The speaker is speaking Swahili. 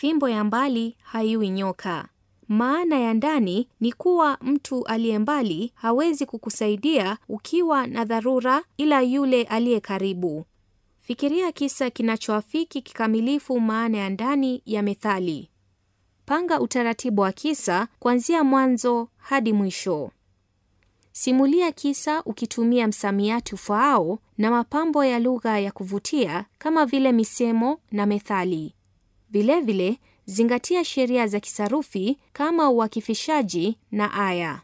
fimbo ya mbali haiwi nyoka. Maana ya ndani ni kuwa mtu aliye mbali hawezi kukusaidia ukiwa na dharura, ila yule aliye karibu. Fikiria kisa kinachoafiki kikamilifu maana ya ndani ya methali. Panga utaratibu wa kisa kuanzia mwanzo hadi mwisho. Simulia kisa ukitumia msamiati ufaao na mapambo ya lugha ya kuvutia kama vile misemo na methali. Vilevile, zingatia sheria za kisarufi kama uakifishaji na aya.